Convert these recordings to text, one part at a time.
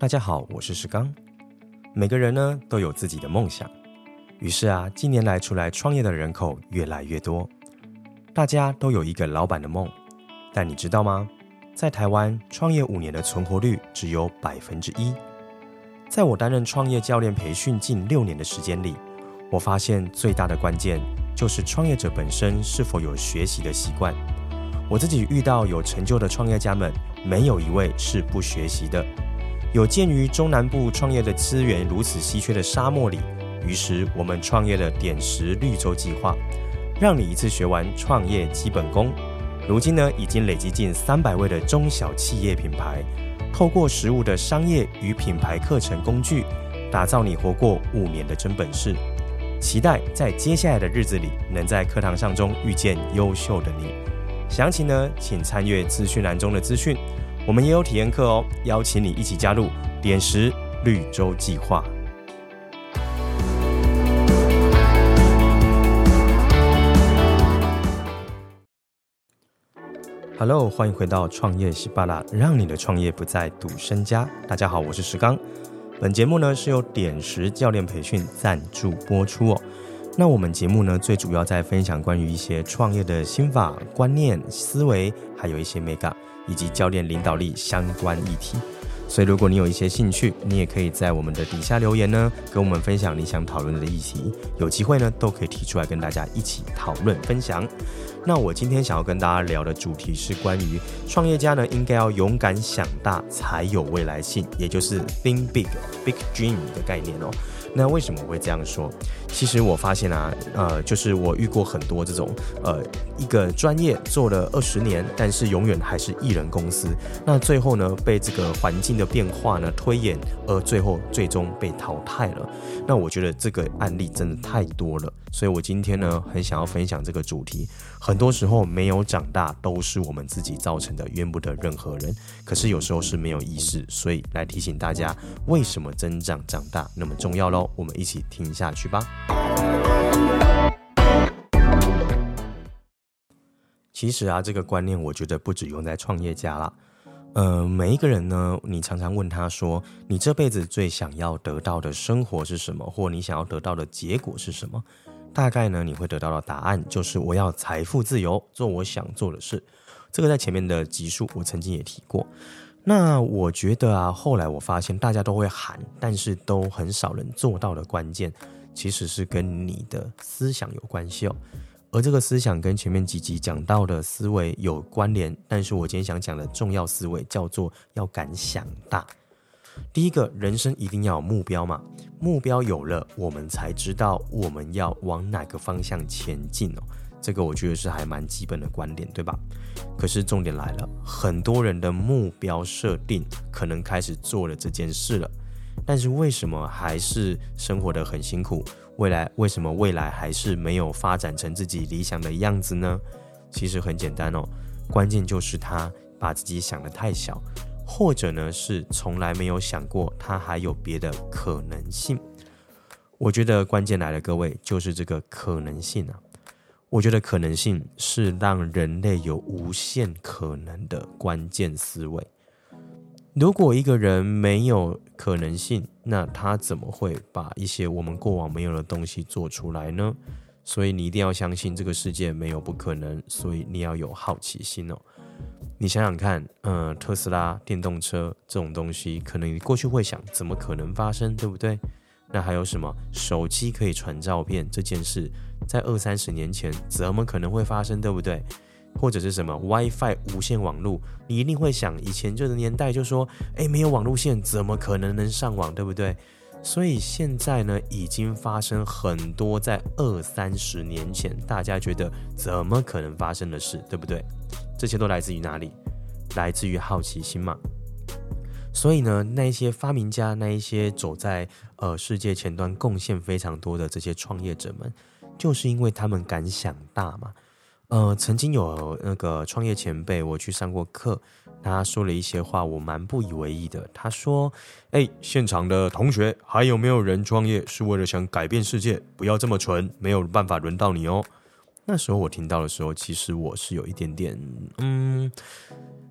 大家好，我是石剛。每個人呢都有自己的夢想，於是啊，近年來出來創業的人口越來越多。大家都有一個老板的夢，但你知道嗎？在台灣創業五年的存活率只有百分之一。在我擔任創業教練培訓近六年的時間裡，我發現最大的關鍵就是創業者本身是否有學習的習慣。我自己遇到有成就的創業家們，沒有一位是不學習的。有鑒於中南部創業的資源如此稀缺的沙漠裡，於是我們創業了“點拾綠洲”計劃，讓你一次學完創業基本功。如今呢，已經累積近三百位的中小企業品牌，透過實務的商業與品牌課程工具，打造你活過五年的真本事。期待在接下來的日子裡，能在課堂上中遇見優秀的你。詳情呢，請參閱資訊欄中的資訊。我們也有體驗課哦，邀請你一起加入點拾綠洲計劃。Hello，歡迎回到創業西巴拉，讓你的創業不再賭身家。大家好，我是石剛。本節目呢，是由點拾教練培訓贊助播出哦。那我們節目呢，最主要在分享關於一些創業的心法、觀念、思維，還有一些美感，以及教練領導力相關，議題，所以如果你有一些興趣，你也可以在我們的底下留言呢，跟我們分享你想討論的議題，有機會呢都可以提出來跟大家一起討論分享。那我今天想要跟大家聊的主題是關於創業家呢應該要勇敢想大，才有未來性，也就是 Think Big, Big Dream 的概念哦。那為什麼會這樣說？其實我發現啊，呃，就是我遇過很多這種，呃，一個專業做了二十年，但是永遠還是一人公司。那最後呢，被這個環境的變化呢推演，而最後最終被淘汰了。那我覺得這個案例真的太多了，所以我今天呢，很想要分享這個主題。很多時候沒有長大，都是我們自己造成的，怨不得任何人。可是有時候是沒有意識，所以來提醒大家，為什麼增長長大那麼重要咯。我們一起聽下去吧。其實啊，這個觀念我覺得不止用在創業家了。呃，每一個人呢，你常常問他說：“你這輩子最想要得到的生活是什麼？或你想要得到的結果是什麼？”大概呢，你會得到的答案就是：“我要財富自由，做我想做的事。”這個在前面的集數我曾經也提過。那我覺得啊，後來我發現大家都會喊，但是都很少人做到的關鍵，其實是跟你的思想有關係哦。而這個思想跟前面幾集講到的思維有關聯，但是我今天想講的重要思維叫做要敢想大。第一個，人生一定要有目標嘛，目標有了，我們才知道我們要往哪個方向前進哦。這個我覺得是還蠻基本的觀點，對吧？可是重點來了，很多人的目標設定可能開始做了這件事了，但是為什麼還是生活得很辛苦？未來為什麼未來還是沒有發展成自己理想的樣子呢？其實很簡單哦，關鍵就是他把自己想得太小，或者呢是從來沒有想過他還有別的可能性。我覺得關鍵來了，各位，就是這個可能性啊。我覺得可能性是讓人類有無限可能的關鍵思維。如果一個人沒有可能性，那他怎麼會把一些我們過往沒有的東西做出來呢？所以你一定要相信這個世界沒有不可能。所以你要有好奇心哦。你想想看，嗯，特斯拉電動車這種東西，可能你過去會想，怎麼可能發生，對不對？那還有什麼手機可以傳照片這件事，在二三十年前怎麼可能會發生，對不對？或者是什麼 WiFi 無線網絡，你一定會想，以前這個年代就說，誒，沒有網路線，怎麼可能能上網，對不對？所以現在呢，已經發生很多在二三十年前大家覺得怎麼可能發生的事，對不對？這些都來自於哪裡？來自於好奇心嘛。所以呢，那一些發明家，那一些走在呃世界前端、貢獻非常多的這些創業者們，就是因為他們敢想大嘛。呃，曾經有那個創業前輩，我去上過課，他說了一些話，我蠻不以為意的。他說：“哎，現場的同學，還有沒有人創業是為了想改變世界？不要這麼蠢，沒有辦法輪到你哦。”那時候我聽到的時候，其實我是有一點點嗯。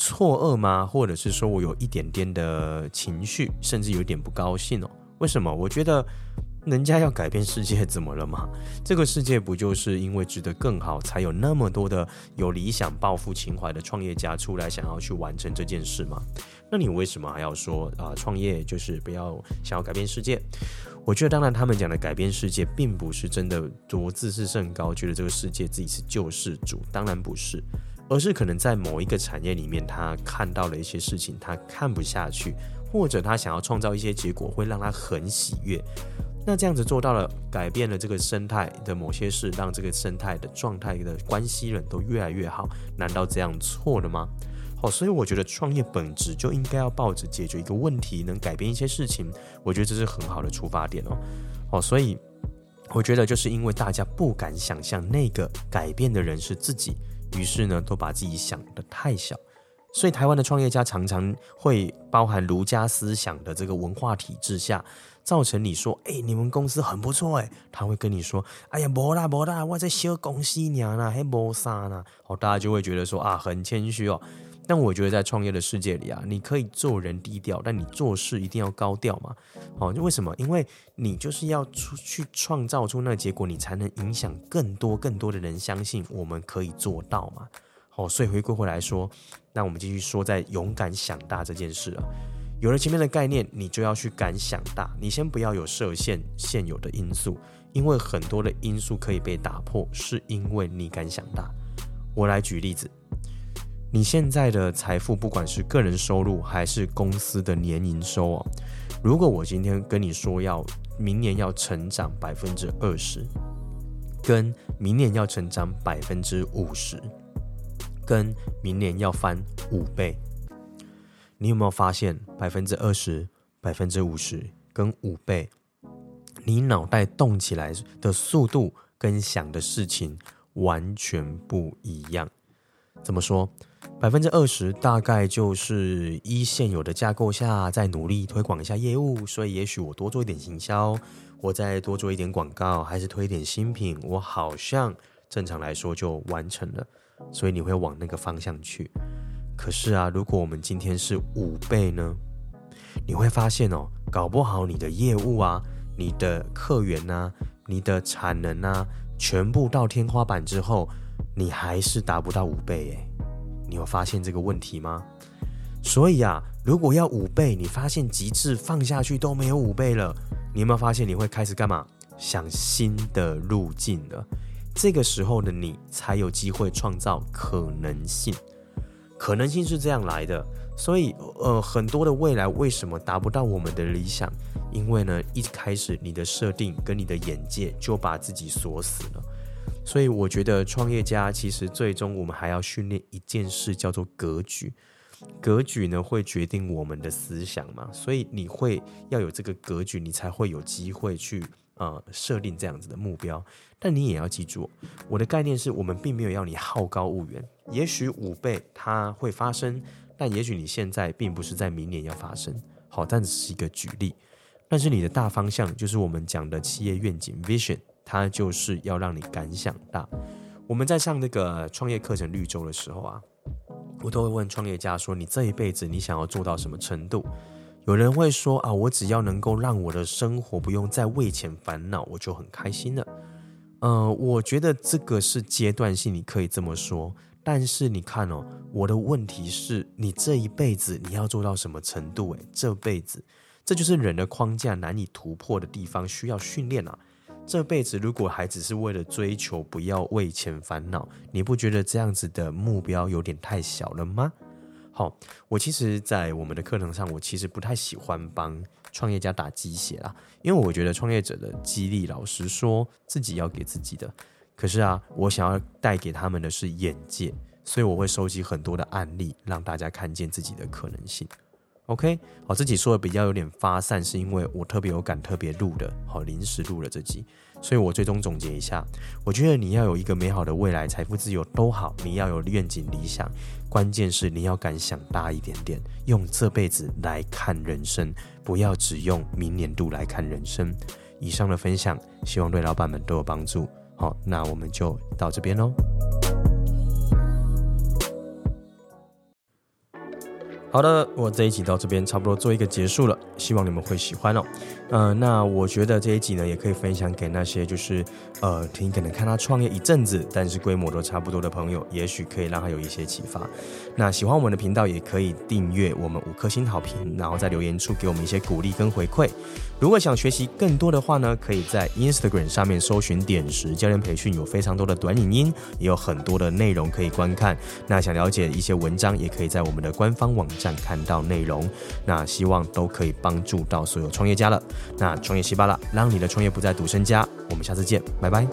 錯愕嗎？或者是說我有一點點的情緒，甚至有點不高興哦？為什麼？我覺得人家要改變世界，怎麼了嘛？這個世界不就是因為值得更好，才有那麼多的有理想、抱負、情懷的創業家出來，想要去完成這件事嗎？那你為什麼還要說啊、呃，創業就是不要想要改變世界？我覺得，當然，他們講的改變世界，並不是真的多自視甚高，覺得這個世界自己是救世主，當然不是。而是可能在某一個產業裡面，他看到了一些事情，他看不下去，或者他想要創造一些結果，會讓他很喜悅。那這樣子做到了，改變了這個生態的某些事，讓這個生態的狀態的關係人都越來越好。難道這樣錯了嗎？哦，所以我覺得創業本質就應該要抱着解決一個問題，能改變一些事情。我覺得這是很好的出發點哦。哦，所以我覺得就是因為大家不敢想象那個改變的人是自己。於是呢，都把自己想得太小，所以台灣的創業家常常會包含儒家思想的這個文化體制下，造成你說，哎、欸，你們公司很不錯。哎，他會跟你說，哎呀，沒啦沒啦，我在小公司而已啦，還沒啥呢，好，大家就會覺得說啊，很謙虛哦。但我覺得在創業的世界裡啊，你可以做人低調，但你做事一定要高調嘛。哦，就為什麼？因為你就是要出去創造出那結果，你才能影響更多更多的人相信我們可以做到嘛。哦，所以回歸回來說，那我們繼續說在勇敢想大這件事啊。有了前面的概念，你就要去敢想大，你先不要有設限現有的因素，因為很多的因素可以被打破，是因為你敢想大。我來舉例子。你現在的財富，不管是個人收入還是公司的年營收哦，如果我今天跟你說要明年要成長百分之二十，跟明年要成長百分之五十，跟明年要翻五倍，你有沒有發現百分之二十、百分之五十跟五倍，你腦袋動起來的速度跟想的事情完全不一樣。怎麼說？百分之二十大概就是在現有的架構下，再努力推廣一下業務，所以也許我多做一點行銷，我再多做一點廣告，還是推一點新品，我好像正常來說就完成了。所以你會往那個方向去。可是啊，如果我們今天是五倍呢？你會發現哦、喔，搞不好你的業務啊、你的客源吶、啊、你的產能吶、啊，全部到天花板之後，你還是達不到五倍誒、欸。你有發現這個問題嗎？所以啊，如果要五倍，你發現極致放下去都沒有五倍了，你有沒有發現你會開始幹嘛？想新的路徑了。這個時候的你才有機會創造可能性。可能性是這樣來的，所以呃，很多的未來為什麼達不到我們的理想？因為呢，一開始你的設定跟你的眼界就把自己鎖死了。所以我覺得，創業家其實最終我們還要訓練一件事，叫做格局。格局呢，會決定我們的思想嘛。所以你會要有這個格局，你才會有機會去呃設定這樣子的目標。但你也要記住，我的概念是我們並沒有要你好高騖遠。也許五倍它會發生，但也許你現在並不是在明年要發生。好，但只是一個舉例。但是你的大方向就是我們講的企業願景 vision。他就是要讓你敢想大。我們在上那個創業課程綠洲的時候啊，我都會問創業家說：“你這一輩子你想要做到什麼程度？”有人會說：“啊，我只要能夠讓我的生活不用再為錢煩惱，我就很開心了。”呃，嗯，我覺得這個是階段性，你可以這麼說。但是你看哦，我的問題是：你這一輩子你要做到什麼程度？欸，誒，這輩子，這就是人的框架難以突破的地方，需要訓練啊。這輩子如果還只是是為了追求，不要為錢煩惱，你不覺得這樣子的目標有點太小了嗎？好、哦，我其實，在我們的課程上，我其實不太喜歡幫創業家打雞血啦，因為我覺得創業者的激勵，老實說自己要給自己的。可是啊，我想要帶給他們的是眼界，所以我會收集很多的案例，讓大家看見自己的可能性。OK，好，這集說的比較有點發散，是因為我特別有感，特別錄的，好，臨時錄了這集，所以我最終總結一下，我覺得你要有一個美好的未來，財富自由都好，你要有願景理想，關鍵是你要敢想大一點點，用這輩子來看人生，不要只用明年度來看人生。以上的分享，希望對老闆們都有幫助。好，那我們就到這邊嘍。好的，我這一集到這邊差不多做一個結束了，希望你們會喜歡哦。嗯、呃，那我覺得這一集呢，也可以分享給那些就是呃，挺可能看他創業一陣子，但是規模都差不多的朋友，也許可以讓他有一些啟發。那喜歡我們的頻道，也可以訂閱我們五顆星好評，然後在留言處給我們一些鼓勵跟回饋。如果想學習更多的話呢，可以在 Instagram 上面搜尋點拾教練培訓，有非常多的短影音，也有很多的內容，可以觀看。那想了解一些文章，也可以在我們的官方網。看到內容，那希望都可以幫助到所有創業家了。那創業西巴拉，讓你的創業不再賭身家。我們下次見，拜拜。